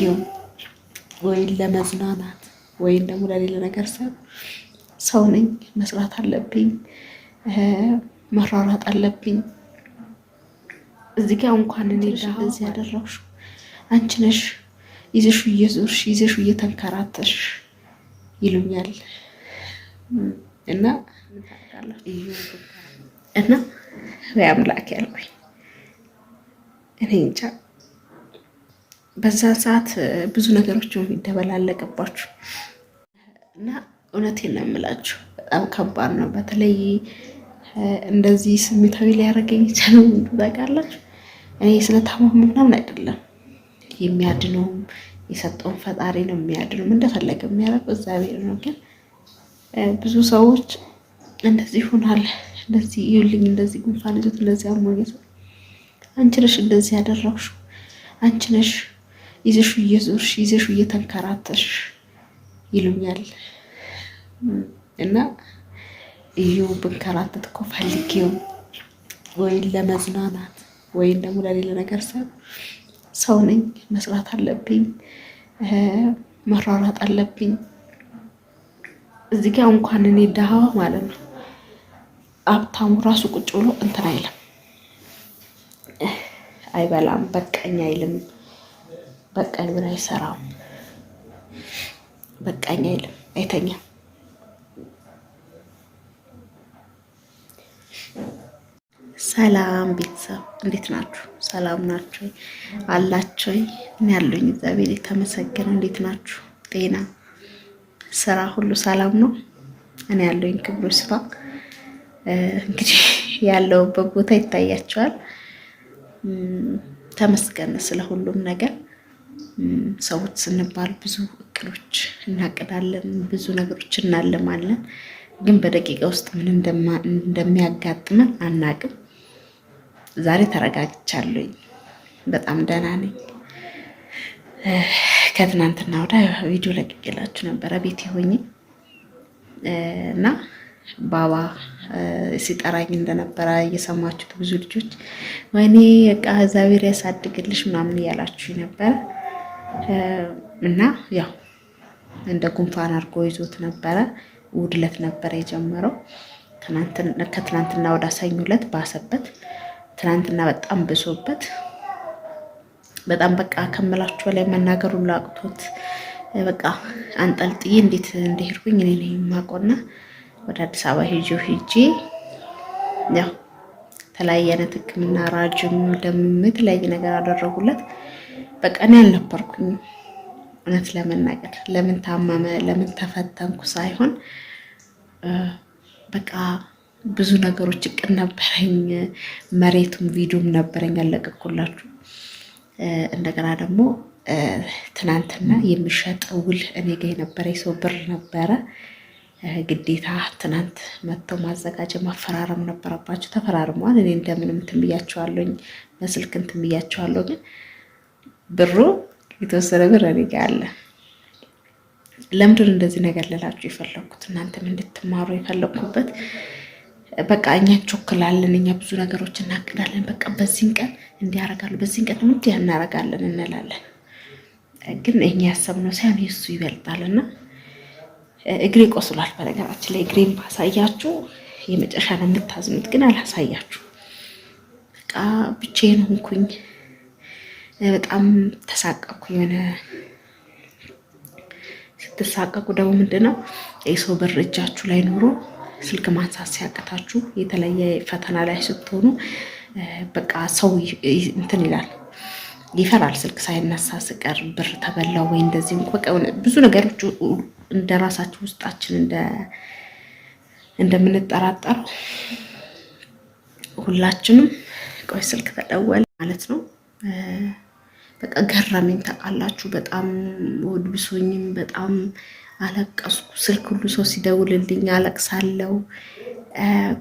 ቪዲዮ ወይም ለመዝናናት ወይም ደግሞ ለሌለ ነገር ሰብ ሰው ነኝ፣ መስራት አለብኝ፣ መራራት አለብኝ። እዚ ጋ እንኳን እኔ እዚህ ያደረግሽ አንቺ ነሽ፣ ይዘሹ እየዞርሽ ይዘሹ እየተንከራተሽ ይሉኛል እና እና አምላክ ያልኩኝ እኔ እንጃ በዛን ሰዓት ብዙ ነገሮች ይደበላለቅባችሁ እና እውነቴን ነው የምላችሁ፣ በጣም ከባድ ነው። በተለይ እንደዚህ ስሜታዊ ሊያደርገኝ ይቻለው ታውቃላችሁ። እኔ ስለታመሙ ምናምን አይደለም የሚያድነውም የሰጠውን ፈጣሪ ነው የሚያድነውም እንደፈለገ የሚያደርገው እግዚአብሔር ነው። ግን ብዙ ሰዎች እንደዚህ ይሆናል፣ እንደዚህ ይሁልኝ፣ እንደዚህ ጉንፋን ይዞት፣ እንደዚህ አሞኝ፣ አንቺ ነሽ እንደዚህ ያደረግሽው፣ አንቺ ነሽ ይዘሹ እየዞርሽ ይዘሹ እየተንከራተሽ ይሉኛል እና እዩ ብንከራተት እኮ ፈልጌው ወይም ለመዝናናት ወይም ደግሞ ለሌለ ነገር ሰብ ሰው ነኝ፣ መስራት አለብኝ፣ መራራጥ አለብኝ። እዚህ ጋር እንኳን እኔ ድሃ ማለት ነው ሀብታሙ ራሱ ቁጭ ብሎ እንትን አይልም፣ አይበላም፣ በቃኝ አይልም። በቀል ብላ አይሰራም። በቃኝ አይልም፣ አይተኛም። ሰላም ቤተሰብ እንዴት ናችሁ? ሰላም ናችሁ አላችሁ? እኔ ያለኝ እግዚአብሔር የተመሰገነ። እንዴት ናችሁ? ጤና፣ ስራ ሁሉ ሰላም ነው? እኔ ያለኝ ክብሩ ስፋ። እንግዲህ ያለውበት ቦታ ይታያቸዋል። ተመስገን ስለ ሁሉም ነገር ሰዎች ስንባል ብዙ እቅዶች እናቅዳለን፣ ብዙ ነገሮች እናለማለን። ግን በደቂቃ ውስጥ ምን እንደሚያጋጥመን አናቅም። ዛሬ ተረጋግቻለኝ፣ በጣም ደህና ነኝ። ከትናንትና ወዳ ቪዲዮ ለቅቄላችሁ ነበረ ቤት ሆኝ እና ባባ ሲጠራኝ እንደነበረ እየሰማችሁት ብዙ ልጆች ወይኔ በቃ እግዚአብሔር ያሳድግልሽ ምናምን እያላችሁ ነበረ። እና ያው እንደ ጉንፋን አድርጎ ይዞት ነበረ። ውድለት ነበረ የጀመረው። ከትናንትና ወደ ሰኞ ዕለት ባሰበት። ትናንትና በጣም ብሶበት በጣም በቃ ከምላችሁ ላይ መናገሩን ላቅቶት በቃ አንጠልጥዬ እንዴት እንደሄድኩኝ እኔ ነው የማውቀውና ወደ አዲስ አበባ ሄጆ ሂጂ ያው የተለያየ አይነት ሕክምና ራጅም ደም የተለያየ ነገር አደረጉለት። በቃ እኔ አልነበርኩኝም። እውነት ለመናገር ለምን ታመመ ለምን ተፈተንኩ ሳይሆን በቃ ብዙ ነገሮች እቅድ ነበረኝ። መሬቱም ቪዲዮም ነበረኝ ያለቀቁላችሁ። እንደገና ደግሞ ትናንትና የሚሸጥ ውል እኔ ጋ የነበረ ሰው ብር ነበረ። ግዴታ ትናንት መጥተው ማዘጋጀ ማፈራረም ነበረባቸው። ተፈራርመዋል። እኔ እንደምንም ትንብያቸዋለኝ በስልክ ትንብያቸዋለሁ ግን ብሩ የተወሰነ ብር እኔ ጋ አለ። ለምድር እንደዚህ ነገር ልላችሁ የፈለግኩት እናንተም እንድትማሩ የፈለግኩበት በቃ እኛ ቾክላለን፣ እኛ ብዙ ነገሮች እናቅዳለን። በቃ በዚህን ቀን እንዲያረጋሉ፣ በዚህን ቀን እንዲህ እናረጋለን እንላለን። ግን እኛ ያሰብነው ሳይሆን የሱ ይበልጣል እና እግሬ ቆስሏል። በነገራችን ላይ እግሬን ባሳያችሁ የመጨረሻ ነው የምታዝኑት፣ ግን አላሳያችሁ። በቃ ብቻዬን ሆንኩኝ። በጣም ተሳቀኩ። የሆነ ስትሳቀቁ ደግሞ ምንድነው የሰው ብር እጃችሁ ላይ ኖሮ ስልክ ማንሳት ሲያቅታችሁ የተለየ ፈተና ላይ ስትሆኑ በቃ ሰው እንትን ይላል ይፈራል። ስልክ ሳይነሳ ስቀር ብር ተበላው ወይ እንደዚህ ብዙ ነገሮች እንደ ራሳችን ውስጣችን እንደምንጠራጠረው ሁላችንም ቆይ ስልክ ተደወለ ማለት ነው። በቃ ገረመኝ። ታውቃላችሁ በጣም ወድብሶኝም በጣም አለቀስኩ። ስልክ ሁሉ ሰው ሲደውልልኝ አለቅሳለሁ።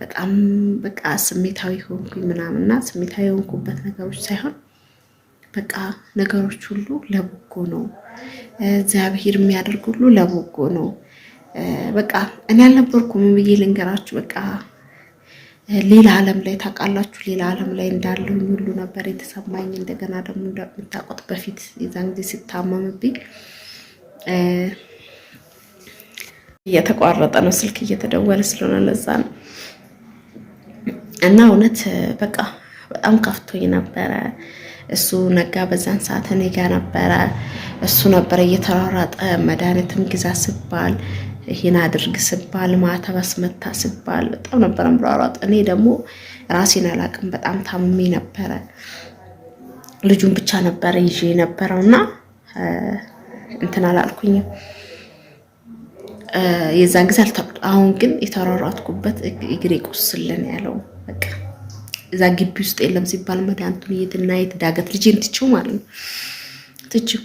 በጣም በቃ ስሜታዊ ሆንኩኝ ምናምንና ስሜታዊ የሆንኩበት ነገሮች ሳይሆን በቃ ነገሮች ሁሉ ለበጎ ነው። እግዚአብሔር የሚያደርግ ሁሉ ለበጎ ነው። በቃ እኔ አልነበርኩም ብዬ ልንገራችሁ በቃ ሌላ ዓለም ላይ ታውቃላችሁ፣ ሌላ ዓለም ላይ እንዳለሁኝ ሁሉ ነበር የተሰማኝ። እንደገና ደግሞ እንደምታውቁት በፊት የዛን ጊዜ ሲታመምብኝ እየተቋረጠ ነው ስልክ እየተደወለ ስለሆነ ለዛ ነው። እና እውነት በቃ በጣም ከፍቶኝ ነበረ። እሱ ነጋ በዛን ሰዓት እኔ ጋ ነበረ። እሱ ነበረ እየተሯሯጠ መድኃኒትም ግዛ ስባል ይህን አድርግ ስባል ማተብ አስመታ ስባል በጣም ነበረ ምሯሯጥ። እኔ ደግሞ ራሴን አላቅም፣ በጣም ታምሜ ነበረ። ልጁን ብቻ ነበረ ይዤ የነበረው እና እንትን አላልኩኝም የዛን ጊዜ አሁን ግን የተሯሯጥኩበት እግሬ ቁስልን ያለው በቃ እዛ ግቢ ውስጥ የለም ሲባል መድኃኒቱን የትና የት ዳገት ልጅን ትችው ማለት ነው ትችው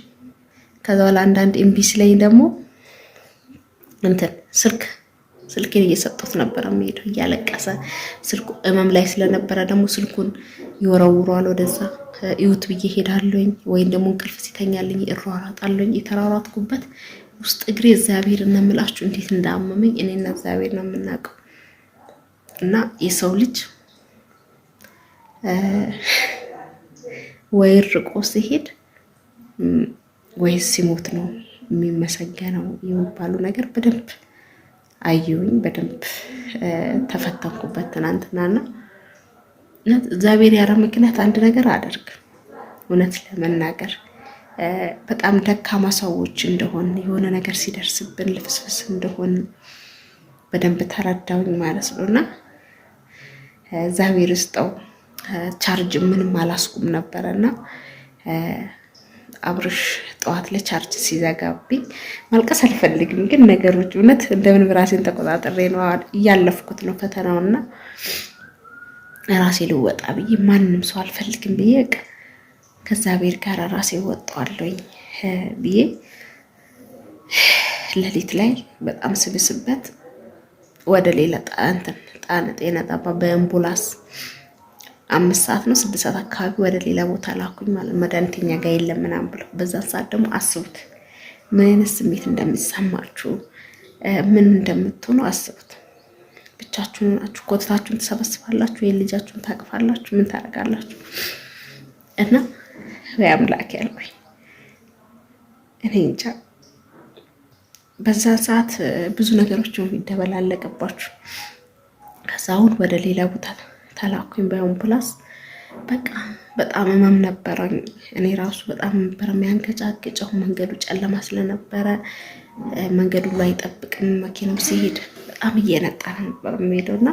ከዛ በኋላ አንዳንድ ኤምቢሲ ላይ ደግሞ እንትን ስልክ ስልኬን እየሰጡት ነበረ የሚሄደው እያለቀሰ ስልኩ እመም ላይ ስለነበረ ደግሞ ስልኩን ይወረውሯል። ወደዛ እዩት ብዬ ሄዳለኝ ወይም ደግሞ እንቅልፍ ሲተኛልኝ እሯራጣለኝ። የተራራትኩበት ውስጥ እግሬ እግዚአብሔር እነምላችሁ እንዴት እንዳመመኝ እኔና እግዚአብሔር ነው የምናውቀው። እና የሰው ልጅ ወይ ርቆ ሲሄድ ወይስ ሲሞት ነው የሚመሰገነው የሚባሉ ነገር በደንብ አየሁኝ፣ በደንብ ተፈተንኩበት ትናንትናና እግዚአብሔር ያለ ምክንያት አንድ ነገር አደርግ እውነት ለመናገር በጣም ደካማ ሰዎች እንደሆን የሆነ ነገር ሲደርስብን ልፍስፍስ እንደሆን በደንብ ተረዳውኝ ማለት ነው። እና እግዚአብሔር ስጠው ቻርጅ ምንም አላስቁም ነበረ እና አብርሽ ጠዋት ለቻርጅ ሲዘጋብኝ ማልቀስ አልፈልግም፣ ግን ነገሮች እውነት እንደምን ራሴን ተቆጣጠሬ ነው እያለፍኩት ነው ፈተናውና ራሴ ልወጣ ብዬ ማንም ሰው አልፈልግም ብዬ ከእግዚአብሔር ጋር ራሴ ወጣዋለኝ ብዬ ሌሊት ላይ በጣም ስብስበት ወደ ሌላ ጣንትን ጣን ጤና ጣባ በአምቡላንስ አምስት ሰዓት ነው ስድስት ሰዓት አካባቢ ወደ ሌላ ቦታ ላኩኝ ማለት መድኃኒት ጋር የለም ምናምን ብለው በዛ ሰዓት ደግሞ አስቡት ምን አይነት ስሜት እንደሚሰማችሁ ምን እንደምትሆኑ አስቡት። ብቻችሁን ናችሁ፣ ኮተታችሁን ትሰበስባላችሁ፣ ልጃችሁን ታቅፋላችሁ፣ ምን ታደርጋላችሁ? እና ወይ አምላክ ያልኩኝ እኔ እንጃ። በዛን ሰዓት ብዙ ነገሮች የሚደበላለቀባችሁ ከዛ አሁን ወደ ሌላ ቦታ ነው ተላኩኝ ፕላስ በቃ በጣም እመም ነበረኝ። እኔ ራሱ በጣም ነበረ የሚያንገጫግጨው። መንገዱ ጨለማ ስለነበረ መንገዱ ላይ አይጠብቅም። መኪናው ሲሄድ በጣም እየነጠረ ነበር የሚሄደው እና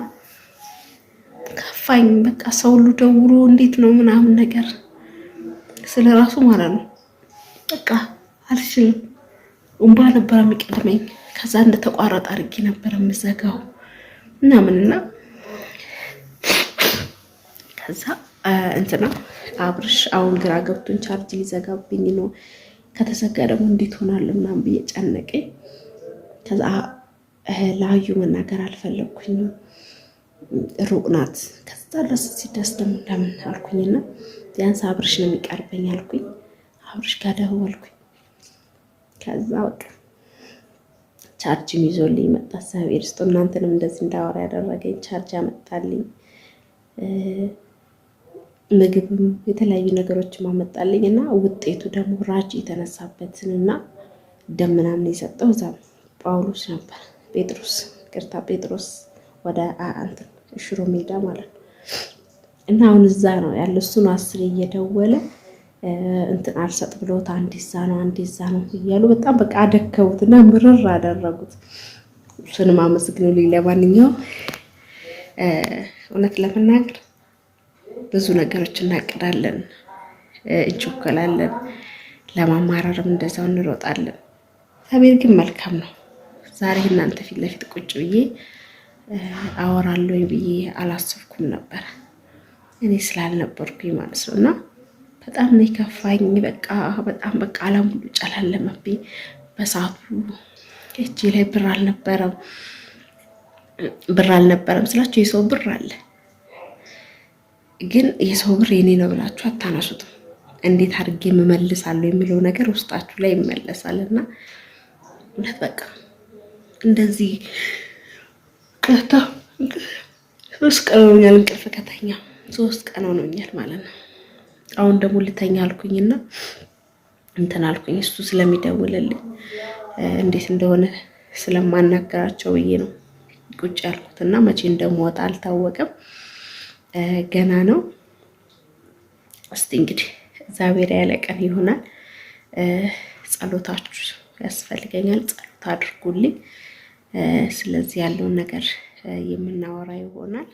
ከፋኝ። በቃ ሰው ሁሉ ደውሎ እንዴት ነው ምናምን ነገር ስለ ራሱ ማለት ነው። በቃ አልችልም። እንባ ነበረ የሚቀድመኝ። ከዛ እንደተቋረጠ አድርጌ ነበር የምዘጋው ምናምንና ከዛ እንትና አብርሽ አሁን ግራ ገብቶን ቻርጅ ሊዘጋብኝ ነው፣ ከተዘጋ ደግሞ እንዴት ሆናል ምናምን ብዬ ጨነቀኝ። ከዛ ለአዩ መናገር አልፈለግኩኝም፣ ሩቅ ናት። ከዛ ደስ ሲደስ ደግሞ ለምን አልኩኝና ቢያንስ አብርሽ ነው የሚቀርበኝ አልኩኝ። አብርሽ ጋር ደወልኩኝ። ከዛ በቃ ቻርጅም ይዞልኝ መጣ። እግዚአብሔር ይስጥ። እናንተንም እንደዚህ እንዳወራ ያደረገኝ ቻርጅ አመጣልኝ። ምግብም የተለያዩ ነገሮችን አመጣልኝ እና ውጤቱ ደግሞ ራጅ የተነሳበትን እና ደም ምናምን የሰጠው እዛ ጳውሎስ ነበር ጴጥሮስ ቅርታ ጴጥሮስ ወደ እንትን ሽሮ ሜዳ ማለት ነው። እና አሁን እዛ ነው ያለ። እሱን አስር እየደወለ እንትን አልሰጥ ብሎት አንድ ዛ ነው አንድ ዛ ነው እያሉ በጣም በቃ አደከቡት እና ምርር አደረጉት። እሱንም አመስግኑልኝ። ለማንኛውም እውነት ለመናገር ብዙ ነገሮች እናቅዳለን፣ እንቾከላለን፣ ለማማረርም እንደዛው እንሮጣለን። ሰሜን ግን መልካም ነው። ዛሬ እናንተ ፊት ለፊት ቁጭ ብዬ አወራለሁኝ ብዬ አላሰብኩም ነበረ እኔ ስላልነበርኩኝ ማለት ነው። እና በጣም ነው የከፋኝ። በቃ በጣም በቃ አለም ሁሉ ጨላለመብኝ። በሰዓቱ እጄ ላይ ብር አልነበረም። ብር አልነበረም ስላቸው የሰው ብር አለ ግን የሰው ብር የኔ ነው ብላችሁ አታነሱትም። እንዴት አድርጌ እመልሳለሁ የሚለው ነገር ውስጣችሁ ላይ ይመለሳል። እና እውነት በቃ እንደዚህ ቀታ ሶስት ቀን ሆኖኛል፣ እንቅልፍ ከተኛ ሶስት ቀን ሆኖኛል ማለት ነው። አሁን ደግሞ ልተኛ አልኩኝና እንትን አልኩኝ እሱ ስለሚደውልልኝ እንዴት እንደሆነ ስለማናገራቸው ብዬ ነው ቁጭ ያልኩት ያልኩትና መቼ እንደምወጣ አልታወቀም። ገና ነው። እስቲ እንግዲህ እግዚአብሔር ቀን ይሆናል። ጸሎታችሁ ያስፈልገኛል። ጸሎት አድርጉልኝ። ስለዚህ ያለውን ነገር የምናወራ ይሆናል።